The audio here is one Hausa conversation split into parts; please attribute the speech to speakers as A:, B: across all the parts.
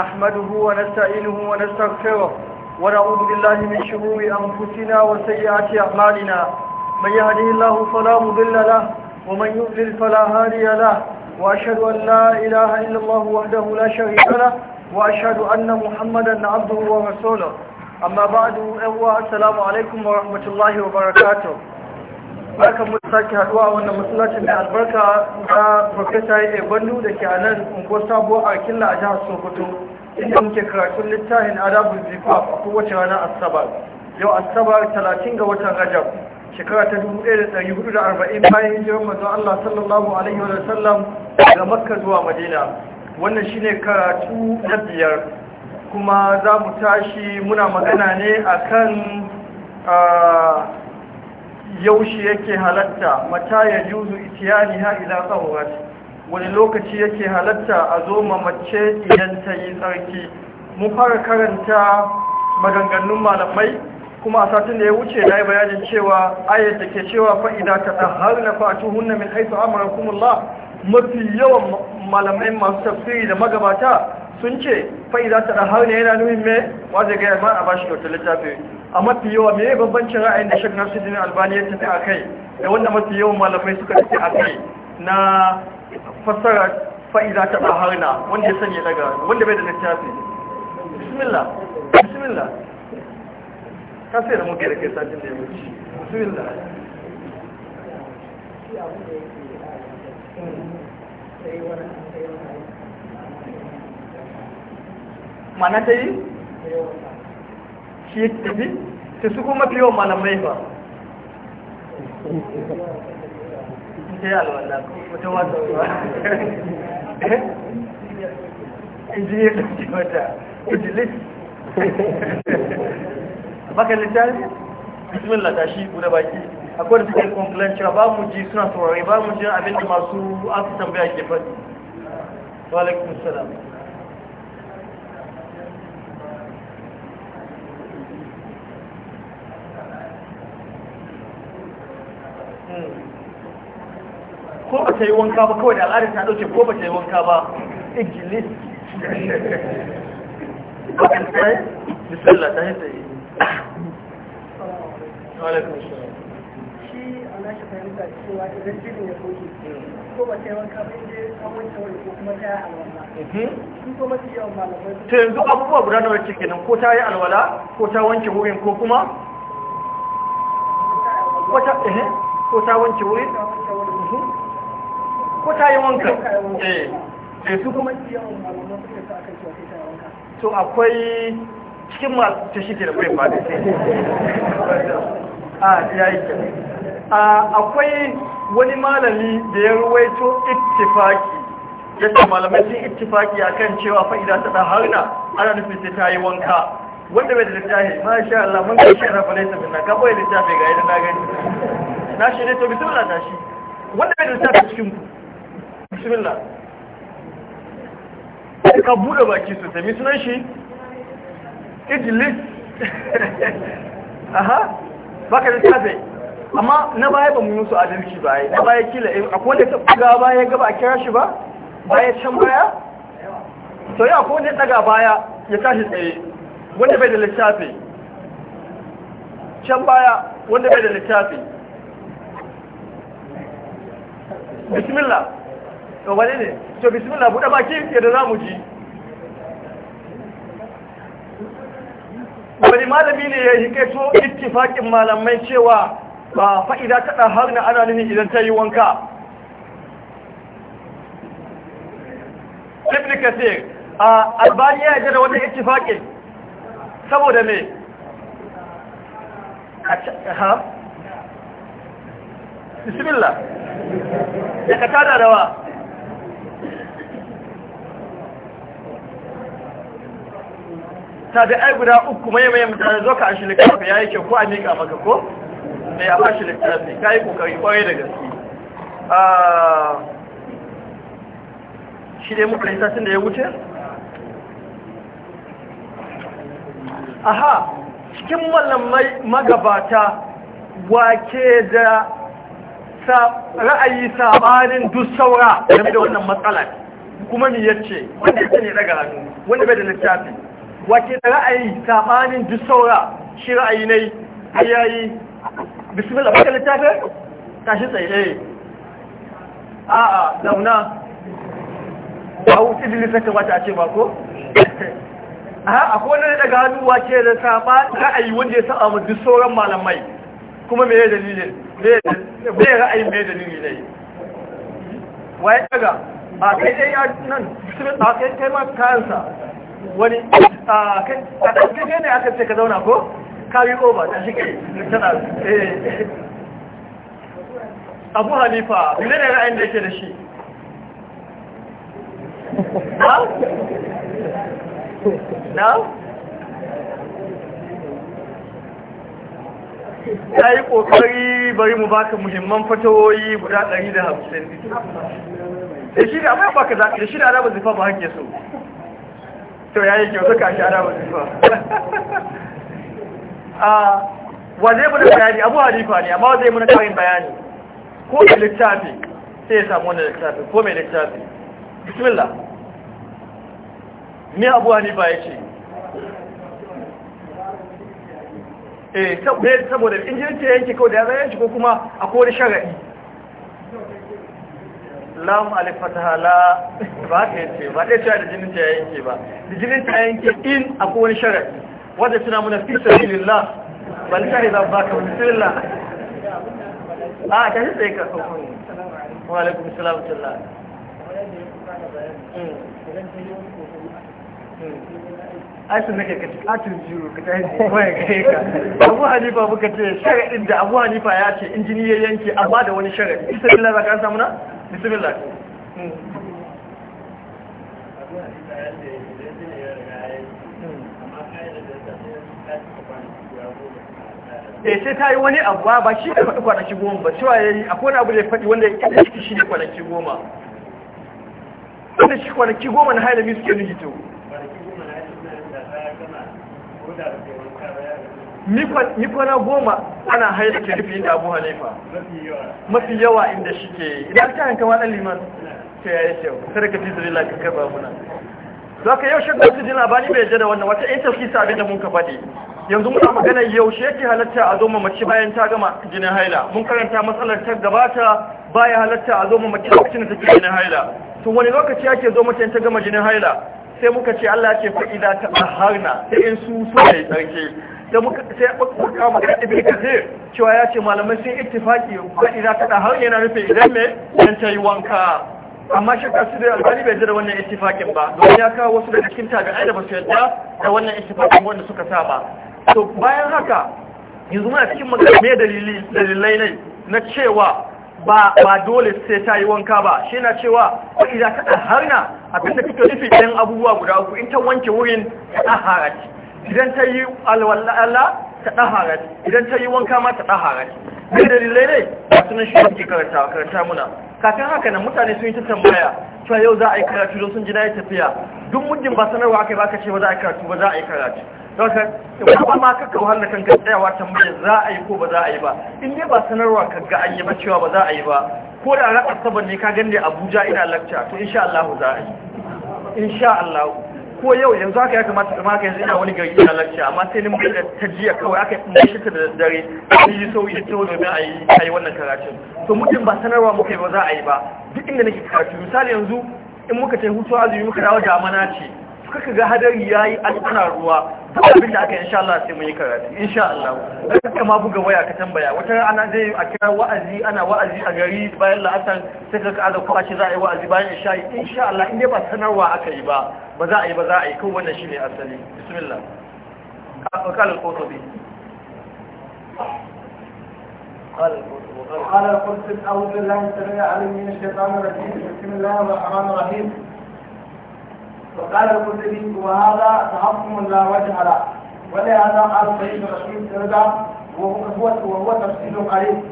A: نحمده ونستعينه ونستغفره ونعوذ بالله من شرور أنفسنا وسيئات أعمالنا من يهده الله فلا مضل له ومن يضلل فلا هادي له وأشهد أن لا إله إلا الله وحده لا شريك له وأشهد أن محمدا عبده ورسوله أما بعد أهوى السلام عليكم ورحمة الله وبركاته barkan mu sake haduwa wannan masallacin mai albarka ta professor Ebandu da ke a nan unguwar sabuwar Arkilla a jihar Sokoto inda muke karatun littafin adabul zifaf a kowace ranar asabar yau asabar 30 ga watan rajab shekara ta 1440 bayan hijirar mazan Allah sallallahu alaihi wa sallam ga makka zuwa madina wannan shine karatu na biyar kuma za mu tashi muna magana ne akan yaushe yake halatta mata ya juzu itiyani ha ila tsawarat wani lokaci yake halatta a zo mace idan ta yi tsarki mun fara karanta maganganun malamai kuma a satin da ya wuce na yi bayanin cewa ayyar da ke cewa fa'ida ta har na fatu hunna min haifu amurakumullah mafi yawan malamai masu tafsiri da magabata sun ce fa'ida ta har ne yana nuhin mai wajen gaya ma a ba shi kyautar littafi a mafi yawa mai bambancin ra'ayin da shek su jini albani ya tafi a kai da wanda mafi yawan malamai suka tafi a kai na fassara fa'iza ta tsaharna wanda ya sanya daga wanda bai da littafi bismillah bismillah ka sai da
B: muke da kai sajin da ya wuce bismillah
A: mana ta yi? shi ya tafi? ta su kuma fiye wa malamai ba ta
C: ko
B: baka littafi
A: bismillah ta shi guda baki akwai da suke complain ba mu ji suna saurari ba mu ji abinda masu asu tambaya ke faɗi wa salam
B: ba ta yi wanka ba kawai
A: da al'adar ta dauke ko ba ta yi wanka ba ijilis ta a ba ta yi
B: mhm. wanke ta yanzu
A: abubuwa guda nawa cikin ko ta yi alwala ko ta wanke wurin ko kuma ko ta yi wanka
B: eh
A: su kuma iyawan malaman to akwai cikin masu ta shi ke da kai fadi a ah, ya yi a ah, akwai wani malami da ya ruwaito ittifaki yadda malamai sun ittifaki akan cewa fa'ida ta harna ana nufin sai ta yi wanka wanda bai da littafi ma sha Allah mun ga shi rafa laisa bin naka bai littafi ga yadda na gani na shi ne to bismillah tashi wanda bai da littafi cikin ku bismillah ka bude baki su tafi sunan shi idlis aha baka da tafe amma na baya ba mu yi su adalci ba na baya kila eh, akwai wanda ta buga baya gaba a kira shi ba baya can baya sau yi akwai wanda ya daga baya ya tashi tsaye wanda bai da littafi can baya wanda bai da littafi bismillah to wane ne to bismillah buɗe baki yadda za mu ji wani malami ne ya hikaito ittifaƙin malamai cewa ba fa'ida ta har na ana nini idan ta yi wanka ibn kasir a albaniya ya jada wata ittifaƙin saboda me ha bismillah ya ka tada da wa ai guda uku mai mai mutane zo ka ashi littafi ya yi kyau ko a miƙa maka ko mai a bashi littafi ka yi ƙoƙari ƙwarai da gaske ah, shi dai muka littafin da ya wuce aha cikin mallamai magabata wake da ra'ayi sabanin duk saura game da wannan matsalar kuma ni yace wanda yake ne daga hannu wanda bai da littafi wake da ra'ayi tsamanin duk saura shi ra'ayi ne ayayi bismillah baka littafi tashi tsaye ne eh. a a zauna a wuce dilisa kamata a ce ba ko a akwai wani daga hannu wake da tsamanin ra'ayi wanda ya saba mu duk sauran malamai kuma me ya dalilin me ya ra'ayi me ya dalili ne waye daga a kai dai nan bismillah kai kai ma kayansa wani a kai ne aka ce ka zauna ko carry over ta ke tana eh. abu halifa ne da ra'ayin da yake da shi na? na? ya yi ƙoƙari bari mu baka muhimman fatowoyi guda 150 da shi da abin baka zaƙi da shi da ba zifa ba hake so to ya yi kyau suka shara ba su a wa zai muna bayani abu halifa ne amma zai muna kawai bayani ko mai littafi sai ya samu wani littafi ko mai littafi bismillah Ni abu halifa ya ce eh saboda injin ce yanke kawai da ya zai yanke ko kuma a kori shagari lam alifataha la ba ta yace ba dai cewa da jinin ta yanke ba da jinin ta yanke in akwai wani sharadi wanda suna muna fi sabilillah
B: ba ni shari ba ka wani sirla a ta shi tsaye ka kawai wa alaikum salam a hmm. hmm. aisun nake
A: ka katin jiro ka tayi
C: waya gare ka
A: abu hanifa muka ce sharaɗin da abu hanifa ya ce injiniyar ya yanke amma da wani sharaɗi isa billah za ka samu na
C: bismillah
B: e
A: sai ta yi wani abuwa ba shi ne faɗi kwanaki goma ba cewa ya yi akwai abu da ya faɗi wanda ya ƙi ciki shi ne kwanaki goma wanda shi kwanaki goma na hailami suke nuhi to ni goma ana haida Kirifin rufe inda abu hanifa mafi yawa inda shi ke idan ta hanka wani liman ta yaya kyau sai ka tizuri lafi karba muna za ka yau shakar su ba ni bai yadda da wannan wata yan tafi sa abin da mun ka faɗi yanzu muna magana yaushe yake halatta a zoma mace bayan ta gama jinin haila mun karanta matsalar ta gabata baya halatta a zo mace lokacin da take jinin haila to wani lokaci ake zo mace ta gama jinin haila sai muka ce Allah ce fa'ida ta harna. sai in su so ne tsarki da muka sai muka kama da ibn cewa ya ce malamai sun ittifaki ba ina ta da har yana rufe idan me ta yi wanka amma shakka su da albani bai da wannan ittifakin ba don ya kawo wasu daga cikin ai da ba su yadda da wannan ittifakin wanda suka sa ba. to bayan haka yanzu muna cikin magana me dalili dalilai ne na cewa ba ba dole sai ta yi wanka ba shi na cewa ko idan ka harna abinda kake rufe dan abubuwa guda uku in ta wanke wurin ta harati idan ta yi alwalla'ala ta ɗahara idan ta yi wanka ma ta ɗahara ne dalilai ne a sunan shi suke karanta karanta muna kafin haka nan mutane sun yi ta tambaya cewa yau za a yi karatu don sun ji na tafiya duk muddin ba sanarwa aka yi ba ka ce ba za a yi karatu ba za a yi karatu daga ba ma ka kawar da kanka tsayawa tambaya za a yi ko ba za a yi ba in dai ba sanarwa ka ga an yi ba cewa ba za a yi ba ko da ranar saban ne ka gande abuja ina lakca to insha Allah za a
B: yi
A: insha ko yau yanzu haka ya kamata kamar haka yanzu ina wani gari na lafiya amma sai limbi mai ta jiya kawai aka yi ta da daddare, sun yi sauyi ta domin a yi a wannan karatun to mutum ba sanarwa muka yi ba za a yi ba duk inda nake karatu misali yanzu in muka ta hutu azumi muka dawo da amana ce kaka ga hadari yayi an ana ruwa duk abin da aka insha Allah sai mun yi karatu insha Allah kaka ma buga waya ka tambaya wata ana zai a kira wa'azi ana wa'azi a gari bayan la'asar sai ka kaza ko a ce za a yi wa'azi bayan isha insha Allah in dai ba sanarwa aka yi ba ba za a yi ba za a yi kawai wannan shine asali bismillah قال القرطبي
C: قال القرطبي قال القرطبي أعوذ بالله من الشيطان الرجيم بسم الله الرحمن الرحيم وقال القرطبي
A: وهذا تحكم لا وجه له ولهذا قال سعيد الرشيد سردا وهو وهو تفصيل قريب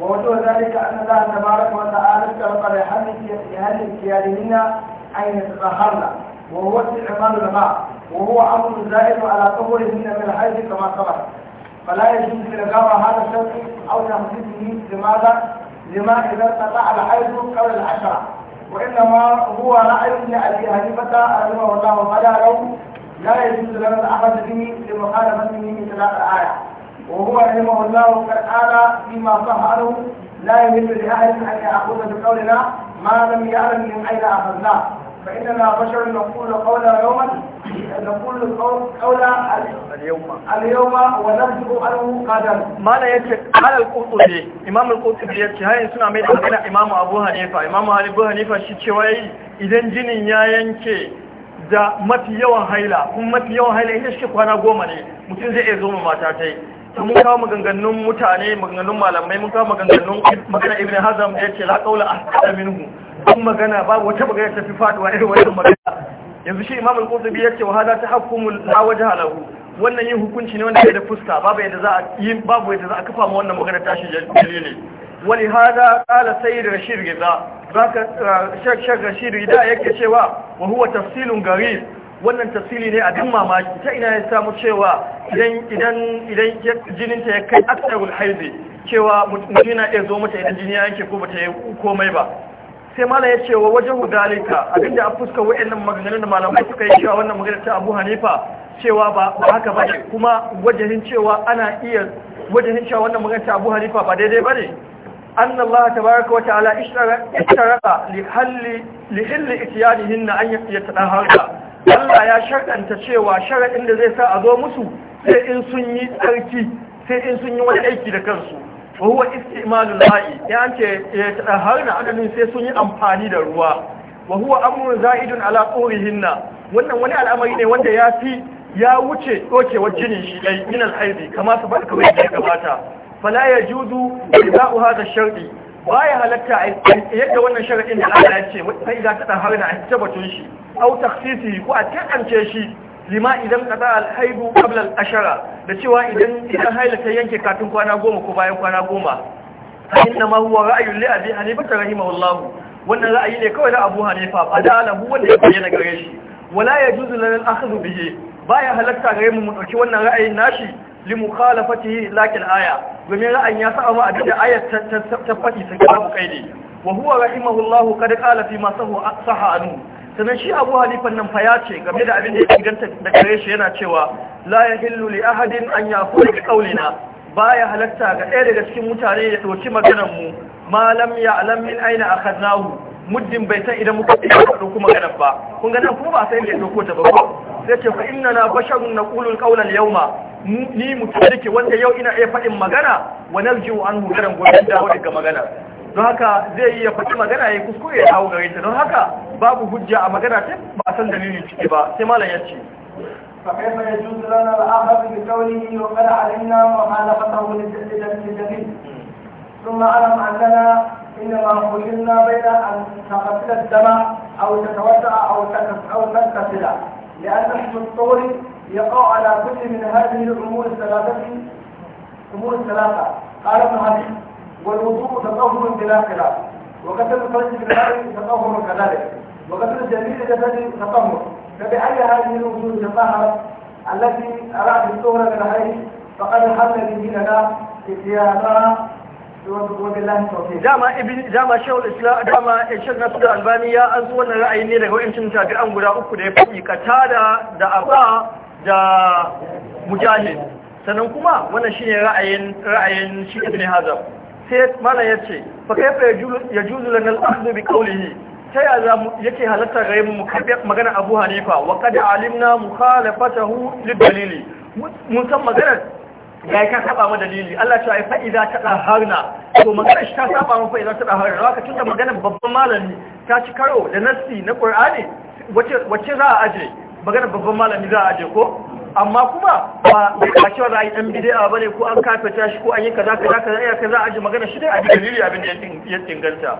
A: ووجه ذلك ان الله تبارك وتعالى اشترط لاهل اختيارهن ان يتطهرن وهو استعمال الماء وهو امر زائد على طهورهن من الحيض كما سبق فلا يجوز استلقاء هذا الشرط او تخفيفه لماذا؟ لما اذا استطاع الحيض قبل العشره وإنما هو رأي ابن أبي حنيفة رحمه الله وقال لا يجوز لنا الأخذ به لمخالفته من ثلاث آية وهو رحمه الله قد قال فيما صح عنه لا يجوز لأحد أن يأخذ بقولنا ما لم يعلم من أين أخذناه فإننا بشر نقول قولا يوما نقول قولا اليوم اليوم ونبدأ أنه قدم ما لا يتك على القرطبي إمام القرطبي يتك هاي سنة ميت أغنى إمام أبو حنيفة إمام أبو حنيفة شتشوائي إذن جنين يا ينكي da mafi yawan haila kuma mafi yawan haila ita shi kwana goma ne mutum zai iya zoma mata ta yi mun kawo maganganun mutane maganganun malamai mun kawo maganganun magana ibn hazam da ya ce la kaula ahada minhu babban magana ba wata magana ta fi faduwa irin wannan magana yanzu shi imam al-qurtubi yace wa hada tahakkumul awaja alahu wannan yin hukunci ne wanda ya da fuska babu yadda za a yi babu yadda za a kafa ma wannan magana tashi dalili wali hada qala sayyid rashid riza zaka shek uh, shek rashid riza yake cewa wa huwa tafsilun garib wannan tafsili ne abin mamaki ta ina ya samu cewa idan idan idan jininta ya kai aksarul haizi cewa mutum yana iya zo mata idan jini ya yanke ko bata yi komai ba sai mala ya ce wa wajen hudalika abinda a fuska wa'annan maganganun da malamai suka yi cewa wannan maganar ta abu hanifa cewa ba haka ba ne kuma wajen cewa ana iya wajen cewa wannan maganar ta abu hanifa ba daidai ba ne an Allah ta baraka wa ta'ala ishtaraka li halli li hilli ityanihin na an harka. Allah ya sharɗanta cewa sharaɗin da zai sa a zo musu sai in sun yi tsarki sai in sun yi wani aiki da kansu wa huwa istimalul ce ya eh, an har taharna adadin sai sun yi amfani da ruwa wa huwa amrun za'idun ala qurihinna wannan wani al'amari ne wanda ya fi ya wuce dokewar jinin shi dai min al-haidi kama su ba kawai da gabata fala yajuzu idza'u hadha shar'i baya halatta yadda wannan sharadin da Allah ya ce sai za ta taharna a tabbatun shi au takhsisi ko a tantance shi lima idan kaza alhaibu qabla al-ashara da cewa idan idan haila ta yanke kafin kwana goma ko bayan kwana goma inna ma huwa ra'yun li abi hanifa rahimahullah wannan ra'ayi ne kawai da Abu Hanifa adalahu wanda ya bayyana gare shi wala yajuzu lana al-akhdhu bihi baya halatta gare mu mu dauki wannan ra'ayin nashi li mukhalafatihi lakin aya domin ra'ayin ya sa ma abin da ayat ta fadi ta babu kaidi wa huwa rahimahullah kad qala fi ma sahu saha sannan shi abu halifan nan fa ce game da abin da ya inganta da kare shi yana cewa la ya hillu li ahadin an ya kuri kaulina ya halatta ga ɗaya daga cikin mutane ya ɗauki maganar mu malam ya alam min aina akhadnahu muddin bai san idan muka kuma maganar ba kun ga nan kuma ba sai da ya ɗauko ta ba ko sai ce fa inna na basharun naqulu al-qawla al-yawma ni mutum dake wanda yau ina iya faɗin magana wa an anhu garan gobe dawo daga maganar? don haka zai yi ya faɗi magana ya kuskure ya hau gare ta don haka babu hujja a magana ta ba san dalilin ciki ba sai malam ya ce ثم أعلم أننا إنما قلنا بين أن تقتل الدم أو تتوسع أو أو تنتفل لأن الشطور يقع على كل من هذه الأمور الثلاثة أمور الثلاثة قال ابن حبيب والوضوء تطهر بلا خلاف وغسل الفرج بالماء تطهر كذلك وغسل جميع الجسد تطهر فبأي هذه الوجوه تطهرت التي أراد الظهر من الحيث فقد حل به اتيانها dama ibn dama shehul islam dama shehul nasir albani ya an zo wannan ra'ayi ne daga wayancin tabi'an guda uku da ya faɗi katada da abba da mujahid sannan kuma wannan shine ra'ayin ra'ayin shi ibn hazm sai mana ya ce fa ya juzu lana al-akhdhu bi qawlihi ta ya za mu yake halatta ga mu magana Abu Hanifa wa qad alimna mukhalafatahu li dalili mun san maganar ya ka saba ma dalili Allah ce ai fa idza tadaharna to maganar shi ta saba ma fa idza tadaharna haka da maganar babban malami ta ci karo da nassi na Qur'ani wace wace za a aje maganar babban malami za a aje ko amma kuma ba ba cewa za a yi ɗan bidiya ba ne ko an kafa shi ko an yi kaza kaza kaza ya kaza a ji magana shi dai a ji dalili abin da ya inganta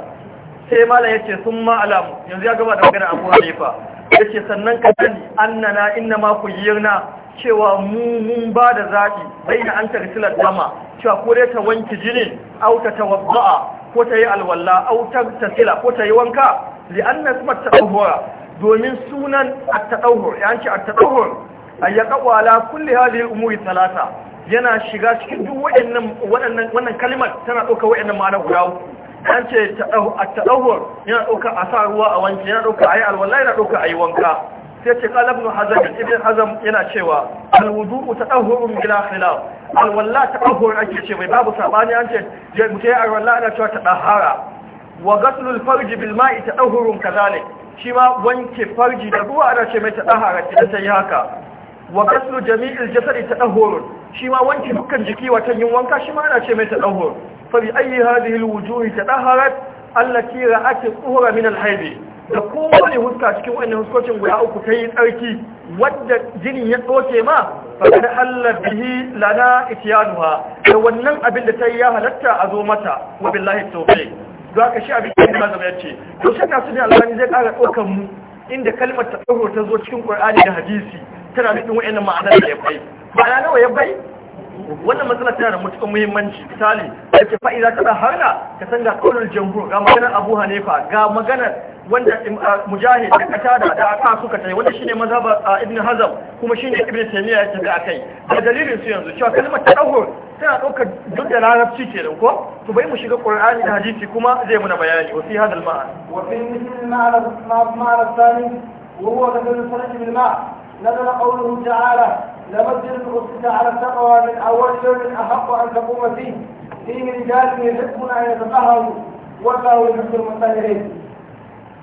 A: sai malam ya ce sun ma alamu yanzu ya gaba da magana abu hanifa ya ce sannan ka sani annana inna ma ku yirna cewa mu mun ba da zaɓi bai na an tarisilar dama cewa ko dai ta wanki jini au ta tawabba'a ko ta yi alwalla au ta tasila ko ta yi wanka li anna ta tadahhura domin sunan at-tadahhur yanci at an ya kawo ala kulli umuri talata yana shiga cikin duk waɗannan wannan kalimar tana ɗauka waɗannan ma'ana guda uku an ce taɗauwar yana ɗauka a sa ruwa a wanke yana ɗauka a yi alwallah yana ɗauka a yi wanka sai ce ƙalab nu hazan ibn hazam yana cewa alwudu taɗauwarun bila khilaf alwallah taɗauwar ake ce mai babu saɓani an ce mutum ya alwallah ana cewa taɗahara wa gaslul farji bil ma'i taɗauwarun kazalik shi ma wanke farji da ruwa ana ce mai taɗahara idan ta yi haka wa kaslu jami'il jasadi tadahhur shi ma wanki dukkan jiki watan yin wanka shi ma ana ce mai tadahhur fa bi ayyi hadhihi alwujuhi tadahharat allati ra'at tuhura min alhayd da kowane huska cikin wannan huskocin guda uku ta yi tsarki wadda jini ya tsoke ma fa Allah halla bihi lana ityanuha da wannan abin da ta yi ya halatta a zo mata wa billahi Za ka shi abin da ya zama yace to shaka su ne zai kara tsokan mu inda kalmar tadahhur ta zo cikin qur'ani da hadisi tana nufin wa'annan ma'anar da ya bai ma'ana nawa ya bai wannan matsala tana da matuƙar muhimmanci misali da ke fa'iza ta harna ka san ga kaunar jamhur ga maganar abu hanifa ga maganar wanda mujahid da kata da da aka suka tai wanda shine mazhaba ibn hazm kuma shine ibn taymiya ya tafi akai da dalilin su yanzu cewa kalmar tadahhur tana ɗaukar duk da larabci kenan ko to bai mu shiga qur'ani da hadisi kuma zai muna bayani wa fi hadal ma'an wa fi ma'ana ma'ana tsani wa huwa kadal sanati bil ma'a نزل قوله تعالى لمسجد أسس على التقوى من أول يوم أحق أن تقوم فيه فيه رجال يحبون أن يتطهروا والله يحب المطهرين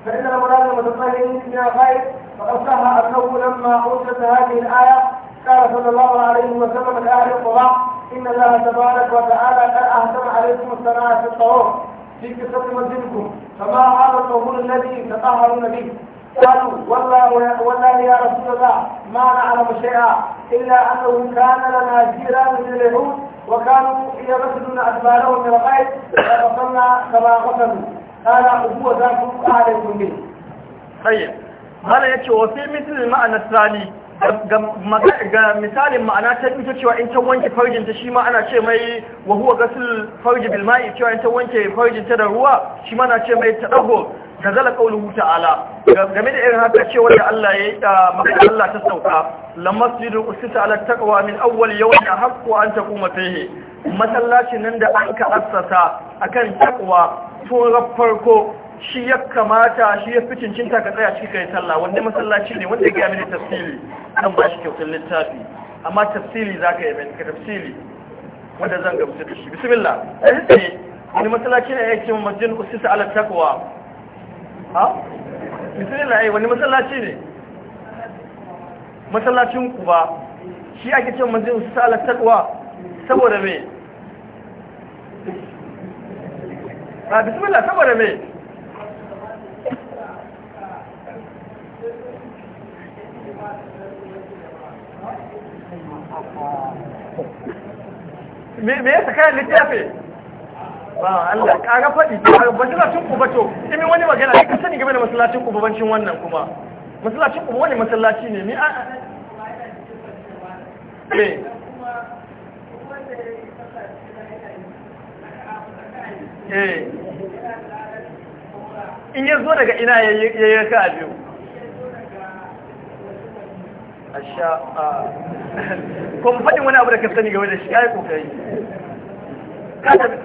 A: فإن المراد المتطهرين من الخير فقد صح أنه لما أنزلت هذه الآية قال صلى الله عليه وسلم لأهل القرى إن الله تبارك وتعالى قد أهتم عليكم الصلاه في الطهور في قصة مسجدكم فما هذا الطهور الذي تطهرون به قالوا والله والله يا رسول الله ما نعلم شيئا إلا أنه كان لنا جيران من اليهود وكانوا يغسلون أدبارهم من الغيب فغسلنا كما غسلوا قال هو ذاك عليكم به طيب هذا يكفي وفي مثل المعنى الثاني ga misalin ma'ana ta ita cewa in ta wanke farjinta shi ma ana ce mai wahuwa gasul farji bilmai cewa in ta wanke farjinta da ruwa shi ma ana ce mai Ta zala ƙaunin huta ala game da irin haka cewa da Allah ya yi maka Allah ta sauka yi masjidu usita ala taqwa min awwal da haqqu an ta fihi masallacin nan da an ka assasa akan taqwa tun farko shi ya kamata shi ya fi cincinta ka tsaya ciki kai sallah wanda masallaci ne wanda ya gaya mini tafsiri Dan ba shi kyautar littafi amma tafsiri za ka yi mini ka tafsiri wanda zan gamsu da shi bismillah ɗaya eh, eh, wani masallaci ne ya ce majin usisa ala takwa ha bismillah eh wani masallaci ne masallacin ku ba shi ake ce majin usisa ala takwa saboda me a ah, bismillah saboda me me yasa kayan littafi ba Allah kaga faɗi lafi ku bato imi wani magana ka kasani game da masallacin ku babancin wannan kuma masallacin ku wani masallaci ne ni a
B: eh eh in ya zo daga ina ya yi ka biyu
A: asha ko mu faɗin wani abu da ka sani game da shi kai kokari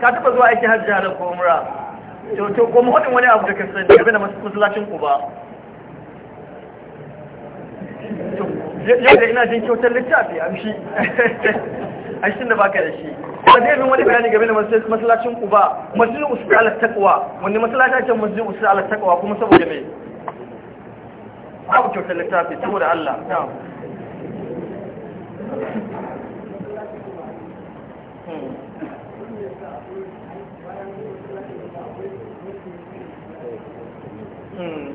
A: ka taɓa zuwa aikin hajji halar ko umra to to ko mu faɗin wani abu da ka sani game da masallacin ku ba yau da ina jin kyautar littafi shi. amshi ashin da baka da shi ba zai min wani bayani game da masallacin ku ba masallin usul ala taqwa wani masallacin can masallin usul ala taqwa kuma saboda me abu kyautar littafi saboda Allah na'am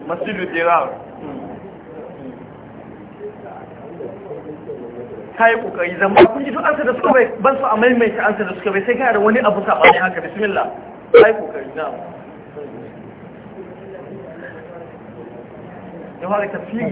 B: masjidu jirar ta yi kokari zama kun ji duk ansa da suka bai
A: ban su a maimaita ansa da suka bai sai kana da wani abu sabani haka bismillah ta yi kokari
B: na yawa da tafsiri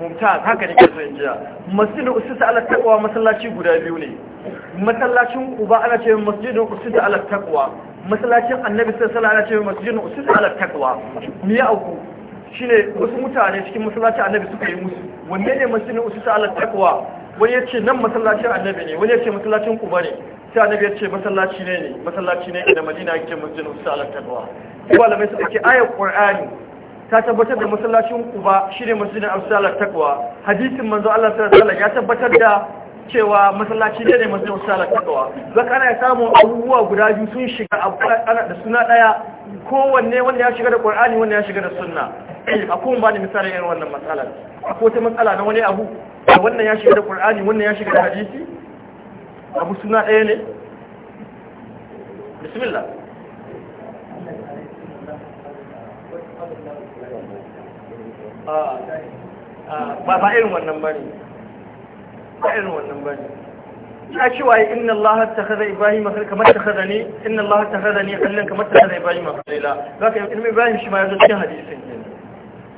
A: mumtaz haka nake so in jiya masjidin usisa ala taqwa masallaci guda biyu ne masallacin uba ana ce masjidin usisa ala taqwa masallacin annabi sallallahu alaihi wasallam ana ce masjidin usisa ala taqwa mi ya auku shine wasu mutane cikin masallacin annabi suka yi musu wanne ne masjidin usisa ala taqwa wani ya ce nan masallacin annabi ne wani ya ce masallacin uba ne sai annabi ya ce masallaci ne ne masallaci ne da madina yake masjidin usisa ala taqwa malamai suka ce ayat qur'ani ta tabbatar da masallacin Quba shine masjidin Amsalat Taqwa hadisin manzo Allah sallallahu alaihi ya tabbatar da cewa masallaci ne ne masjidin Amsalat Taqwa zaka ana samu abubuwa guda biyu sun shiga ana da suna daya kowanne wanda ya shiga da Qur'ani wanda ya shiga da Sunna a kun ba ni misalin irin wannan matsalar akwai ta matsala na wani abu wannan ya shiga da Qur'ani wannan ya shiga da hadisi abu suna daya ne
C: bismillah ba ba irin wannan bane ba irin wannan bane ya
A: ce wa inna Allah ta kaza Ibrahim kamar ta ni. ne inna Allah ta kaza ne kallon kamar ta kaza Ibrahim khalila zaka ilmi Ibrahim shi ma ya zo cikin hadisin kenan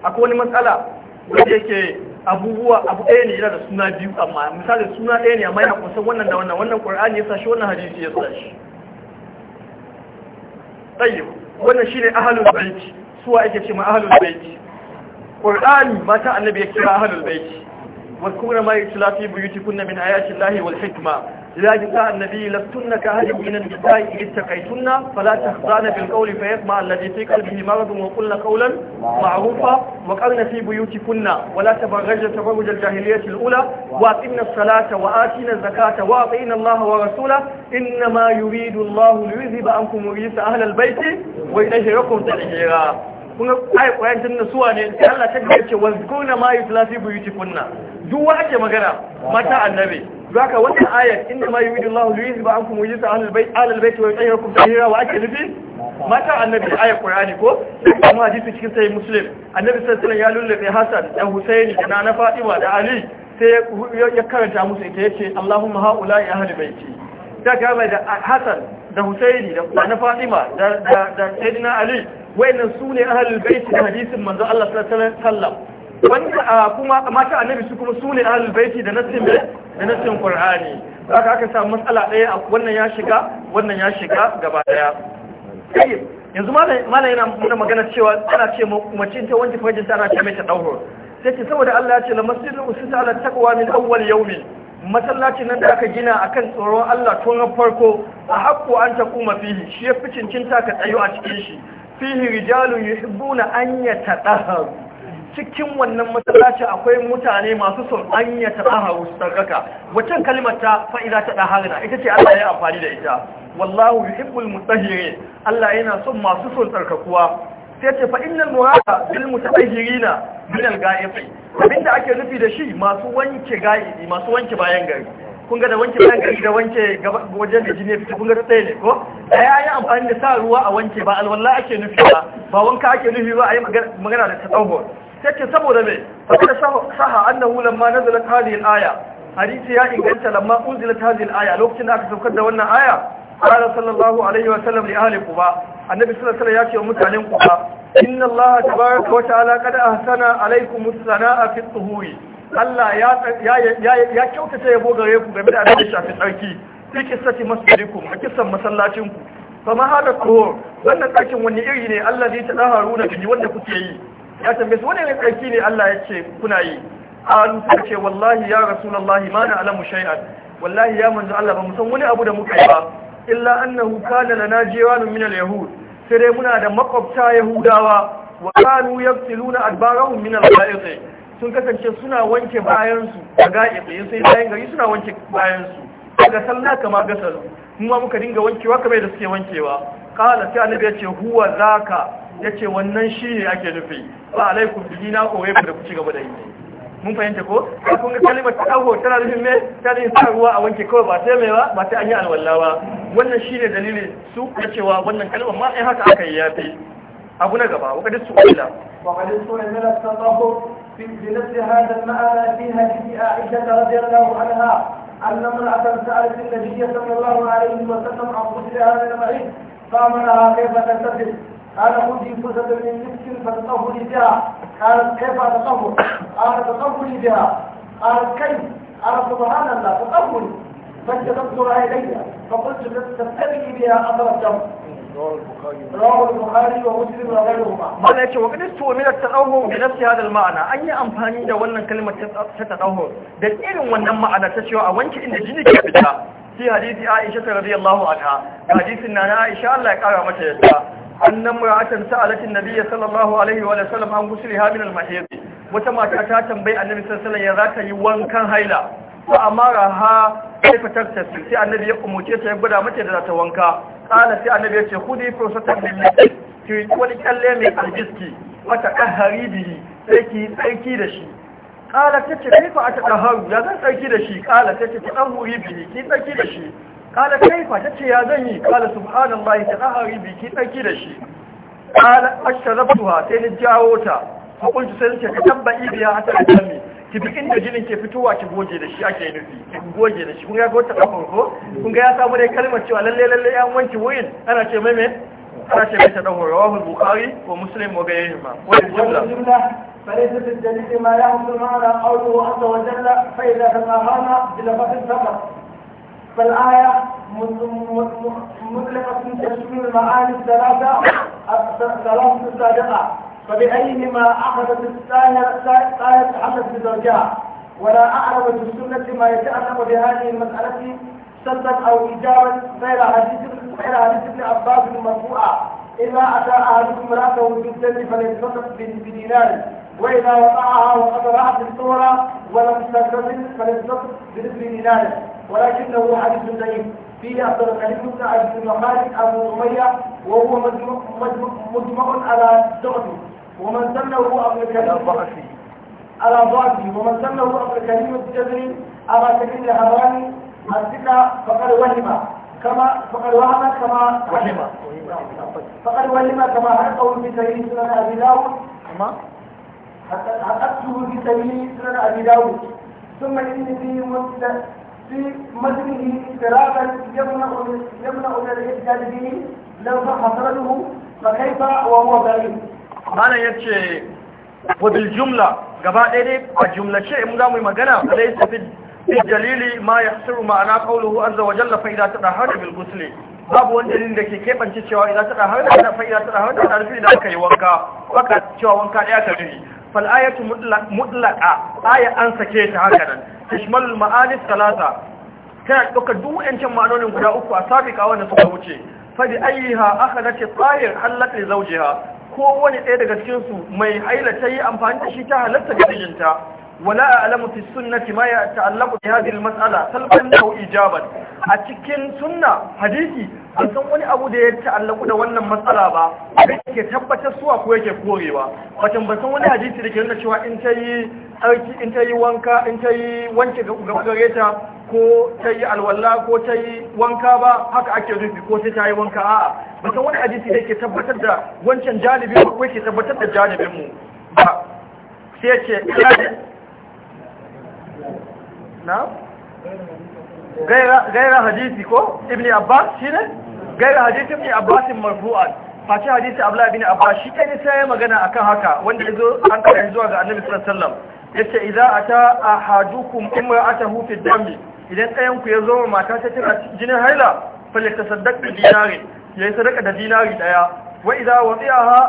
A: akwai wani matsala wanda yake abubuwa abu ɗaya ne yana da suna biyu amma misali suna ɗaya ne amma yana kusan wannan da wannan wannan ƙur'ani ya sashi wannan hadisi ya sashi tayyib wannan shine ahlul bait suwa ake ce ma ahlul bait qur'ani mata annabi ya kira ahlul baiti واذكرن ما يتلى في بيوتكن من آيات الله والحكمة إذا جاء النبي لستن كهل من النساء إذ اتقيتن فلا تخضعن بالقول فيطمع الذي في قلبه مرض وقلن قولا معروفا وقرن في بيوتكن ولا تبرجن تبرج الجاهلية الأولى وأقمن الصلاة وآتينا الزكاة وأطعنا الله ورسوله إنما يريد الله ليذهب عنكم الرجس أهل البيت وإليه تحجيرا kun ga ayi tun nasuwa ne sai Allah ta ga ce wazkuna ma yutla fi buyutikunna duk wa ake magana mata annabi zaka wannan ayat inna ma yuridu Allah li yuzhiba ankum rijsa ahlul bayt ahlul bayt wa yutahhirakum tahira wa ake nufi mata annabi ayat qur'ani ko kuma hadisi cikin sahih muslim annabi sallallahu alaihi wasallam ya lulle hasan da Husaini da Nana Fatima da Ali sai ya karanta musu ita yace Allahumma haula ya ahlul bayti da ga da hasan da Husaini da Nana Fatima da da Sayyidina Ali wayannan su ne ahalul bait da hadisin manzo Allah sallallahu alaihi wasallam wanda kuma mata annabi su kuma su ne ahalul bait da nassin da nassin qur'ani haka aka samu matsala daya wannan ya shiga wannan ya shiga gaba daya yanzu malam yana muna magana cewa ana ce mace ta wanda farjin ta ana ce mai ta dauro sai ce saboda Allah ya ce la masjidul usisa ala taqwa min awwal yawmi masallacin nan da aka gina akan tsoron Allah tun farko a hakku an ta kuma fihi shi ya fi cincinta ka tsayo a cikin shi fihi rijalun yuhibbuna an yatadahharu cikin wannan masallaci akwai mutane masu son an yatadahharu sarkaka wacce kalmar ta fa'ida ta daharna ita ce Allah ya amfani da ita wallahu yuhibbul mutahhirin Allah yana son masu son tsarkakuwa sai ce fa innal murada bil mutahhirina min al ga'ibi abinda ake nufi da shi masu wanke ga'ibi masu wanke bayan gari Kunga da wanke bayan gari da wanke wajen da jini fita kun ga tsaye ne ko da ya yi amfani da sa ruwa a wanke ba alwala ake nufi ba ba wanka ake nufi ba a yi magana da tsawo sai saboda me saboda saha annahu lamma nazalat hadhihi al-aya hadisi ya inganta lamma unzilat hadhihi al-aya lokacin da aka saukar da wannan aya qala sallallahu alaihi wa sallam li ahli quba annabi sallallahu alaihi ya ce wa mutanen quba inna allaha tabaaraka wa ta'ala qad ahsana alaykum as-sanaa'a fi at-tuhuri Allah ya kyautata yabo gare ku game da abin da shafi tsarki fi kissati masjidikum a kissan masallacin ku fa ma hada wannan tsarkin wani iri ne Allah zai ta haruna bihi wanda kuke yi ya tambaye su wani tsarki ne Allah ya ce kuna yi qalu ta ce wallahi ya rasulullahi ma na alamu shay'an wallahi ya manzo Allah ba mu san wani abu da muka yi ba illa annahu kana lana jiranun min al-yahud sai dai muna da makwabta yahudawa wa kanu yaqtiluna adbarahum min al-ba'iq sun kasance suna wanke bayansu a gaɗe tsaye sai bayan gari suna wanke bayansu daga sallah kama gasar kuma muka dinga wankewa kamar da suke wankewa kala sai annabi ya huwa zaka ya ce wannan shi ne ake nufi ba alaikum bihi na ko wai da ku ci gaba da yi mun fahimta ko ka kun ga kalmar taho tana nufin me ta ne sa ruwa a wanke kawai ba sai mai ba ba sai an yi wannan shi ne dalilin su ya cewa wannan kalmar ma sai haka aka yi yafi أبو نجبا وقد wa وقد su'ila من التطهر في tatahur هذا nafsi hada al عائشة رضي الله عنها radhiyallahu anha أن امرأة سألت النبي صلى الله عليه وسلم عن قدرها من المعيد فأمرها كيف تغتسل قال خذي فرصة من مسك فتطهري بها قالت كيف أتطهر؟ قال تطهري بها قالت كيف؟ قال سبحان الله تطهري فاجتبت
C: إلي فقلت تتبعي بها أثر الدم Mala
A: ya ce, waƙadis tuwa milar taɗauhun bi nafsi hadal ma'ana, an yi amfani da wannan kalmar ta taɗauhun da irin wannan ma'anar ta cewa a wanke inda jini ke fita. Fi hadisi Aisha ta radiyallahu anha, hadisin na Aisha Allah ya ƙara mata yadda. أن امرأة سألت النبي صلى الله عليه وسلم عن غسلها من المحيض وتمات ta tambayi النبي صلى الله عليه وسلم ya zata yi wankan haila fa amaraha kaifa taktasi sai annabi ya umurce ta ya gwada mata da za ta wanka qala sai annabi ya ce khudi fursatan min nafsi ki wani kalle mai aljiski wata kahari bihi sai ki tsarki da shi qala tace kaifa atadaharu ya zan tsarki da shi qala tace ki dan huri bihi ki tsarki da shi qala kaifa tace ya zan yi qala subhanallahi tadahari bihi ki tsarki da shi qala ashrabtuha sai ni jawo ta hukunci sai ce ka tabbai biya hatta da ki bi inda jinin ke fitowa ki goge da shi ake nufi ki goge da shi kun ga ko ta kafar ko kun ga ya samu dai kalmar cewa lalle lalle an wanki wayin ana ce mai me ana ce mai ta dan rawahu bukhari wa muslim wa gayrihima wa jumla فليس في الدليل ما يحصل معنا قوله عز وجل فإذا تناهانا بلفظ فقط فالآية مطلقة تشمل المعاني الثلاثة الثلاثة السابقة فبأيهما أخذت الثانية تحدث بزوجها ولا أعلم في السنة ما يتعلق بهذه المسألة سدا أو إجابة غير حديث غير حديث ابن عباس المرفوعة إذا أتى أحدكم راسه في الجنة فليتصدق بدينار وإذا وقعها وقد رأت الصورة ولم تستقبل فليتصدق دينار ولكنه حديث ضعيف فيه عبد الحليم بن عبد المخالف أبو أمية وهو مجمع, على ضعفه ومن سنه أمر كريم على ضعفه ومن سنه أمر كريم بجذر أبا سبيل الهباني الثقة فقد وهم كما فقد وهم كما وهم فقد وهم كما حقه في سبيل سنن أبي داود حققته في سبيل سنن أبي داود ثم إن في مسجد في مسجده اضطرابا يمنع يمنع من الاحتجاج به لو فحصرته فكيف وهو بعيد malam yace wa bil jumla gaba ɗaya dai a jumlace in za mu yi magana alai tafi dalili ma ya yahsuru ma'ana qawluhu azza wa jalla fa idza tadahhara bil ghusli babu wani dalilin da ke keɓance cewa idan ta ɗahar da fa'ida ta ɗahar da ɗarfi da aka yi wanka baka cewa wanka ɗaya ka gani fal ayatu mutlaqa aya an sake ta haka nan tashmal ma'anis salasa tana ɗaukar duk wayancan ma'anonin guda uku a sabiqa wanda suka wuce fa bi ayyiha akhadat at-tahir halat li zawjiha kowane ɗaya daga cikinsu mai haila ta yi amfani da shi ta halatta ga ولا أعلم في السنة ما يتعلق بهذه المسألة سلبا أو A cikin سنة حديثي an san wani abu da ya ta'allaku da wannan matsala ba da ke tabbatar suwa ko yake korewa wacin ban san wani hadisi da ke nuna cewa in ta yi in ta wanka in ta yi wanke gare ta ko ta yi alwala ko ta yi wanka ba haka ake rufi ko sai ta yi wanka a'a ban san wani hadisi da ke tabbatar da wancan janibin ko yake tabbatar da janibin mu ba sai ce na gaira hadisi ko ibni abbas shi ne gaira hadisi ibni abbas marfu'an face hadisi abla ibni abbas shi kai sai ya magana akan haka wanda yazo an kai zuwa ga annabi sallallahu alaihi wasallam yace idza ata ahadukum imra'atahu fi dami idan kayan ku yazo mata ta tana jinin haila falle ta saddaka dinari yayi sadaka da dinari daya wa idza wadi'aha